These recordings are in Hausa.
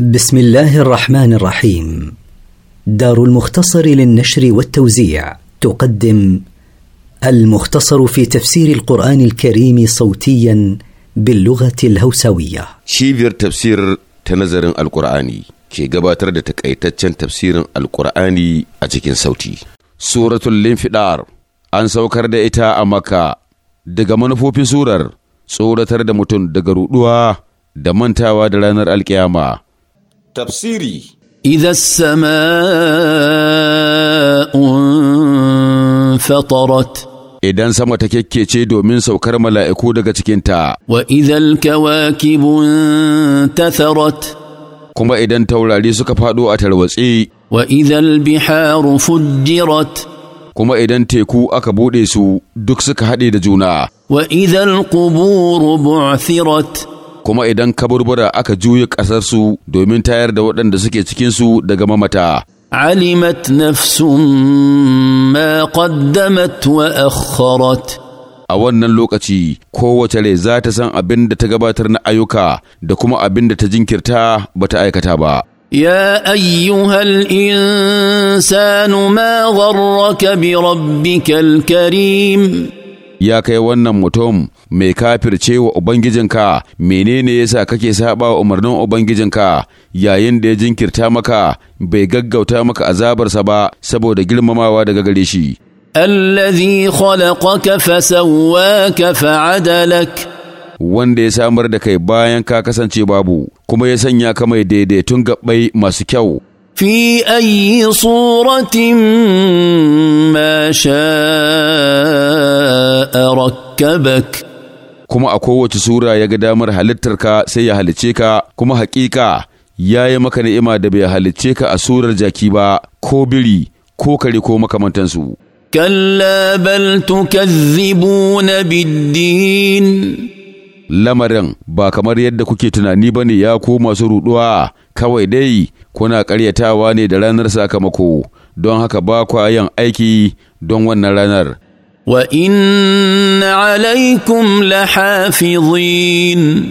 بسم الله الرحمن الرحيم دار المختصر للنشر والتوزيع تقدم المختصر في تفسير القرآن الكريم صوتيا باللغة الهوسوية شيفير تفسير تنظر القرآني كي قباتر تكأيتتشن تفسير القرآني أتكين صوتي سورة الانفدار أن سوكر دا إتا أمكا دقا منفو في سورة سورة دا متن دقا رؤوا da mantawa دلانر ranar Tafsiri إذا السماء انفطرت idan sama ta kyakkece domin saukar mala'iku daga cikinta. Wa idan kawakibun tatharat kuma idan taurari suka faɗo a tarwatse. Wa idan biharu fujjirat kuma idan teku aka buɗe su duk suka haɗe da juna. Wa idan quburu bu'thirat kuma idan kaburbura aka juya ƙasarsu domin tayar da waɗanda suke cikinsu daga mamata. Alimat nafsun ma qaddamat wa akharat. A wannan lokaci, kowace rai za ta san abin da ta gabatar na ayyuka da kuma abin da ta jinkirta ba ta aikata ba. يا ايها الانسان ما غرك بربك الكريم ya kai wannan mutum mai kafirce wa Ubangijinka menene yasa kake saba wa umarnin Ubangijinka yayin da ya jinkirta maka bai gaggauta maka azabarsa ba saboda girmamawa daga gare shi. Allazi khalaqaka fasawwaka fa'adalak wanda ya samar da kai bayan ka kasance babu kuma ya sanya ka mai daidaitun gaɓai masu kyau. في اي صوره ما شاء ركبك kuma a kowace sura ya ga damar halittarka sai ya halicce ka kuma haƙiƙa ya yi maka ni'ima da bai halicce ka a surar jaki ba ko biri ko kare ko makamantansu kalla bal tukazzibuna bid-din lamarin ba kamar yadda kuke tunani ba ne ya ku masu ruɗuwa kawai dai kuna ƙaryatawa ne da ranar sakamako don haka ba kwa yin aiki don wannan ranar. Wa inna alaikum lahafizin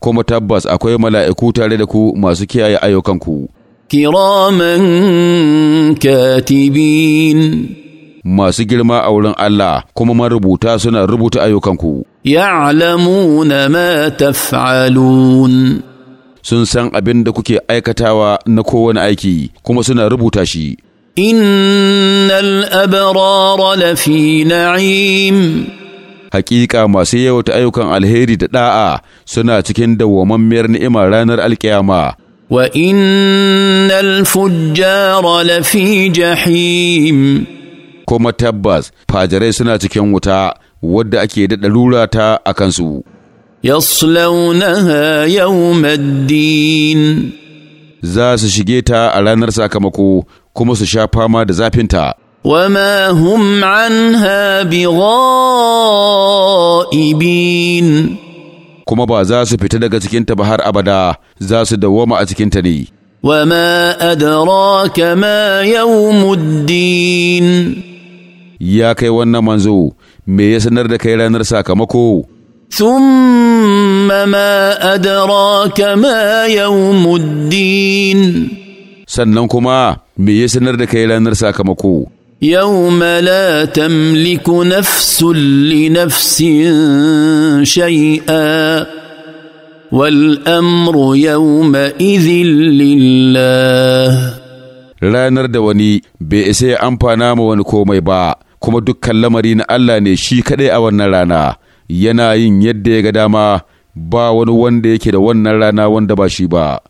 Kuma tabbas akwai mala'iku tare da ku masu kiyaye ayyukanku. Kiraman katibin Masu girma a wurin Allah kuma marubuta suna rubuta ayyukanku. يعلمون ما تفعلون sun san abin da kuke aikatawa na kowane aiki kuma suna rubuta shi innal abrara lafi na'im hakika masu yawata ayyukan alheri da da'a suna cikin dawwammamiyar ni'ima ranar alkiyama wa innal fujjara lafi jahim kuma tabbas fajirai suna cikin wuta wadda ake daɗa lura ta a kansu. Yaslaunaha yawmaddin Za su shige ta a ranar sakamako kuma su sha fama da zafinta. وما هم عنها بغائبين kuma ba za su fita daga cikinta ba har abada za su dawwama a cikinta ne. Wama ma adraka ma yawmuddin ya kai wannan manzo me ya sanar da kai ranar sakamako thumma ma adraka ma yawmuddin sannan kuma me ya sanar da kai ranar sakamako يوم لا تملك نفس لنفس شيئا والأمر يومئذ لله ranar da wani bai isa ya amfana ma wani kuma dukkan lamari na Allah ne shi kaɗai a wannan rana yana yin yadda ya ga dama ba wani wanda yake da wannan rana wanda ba shi ba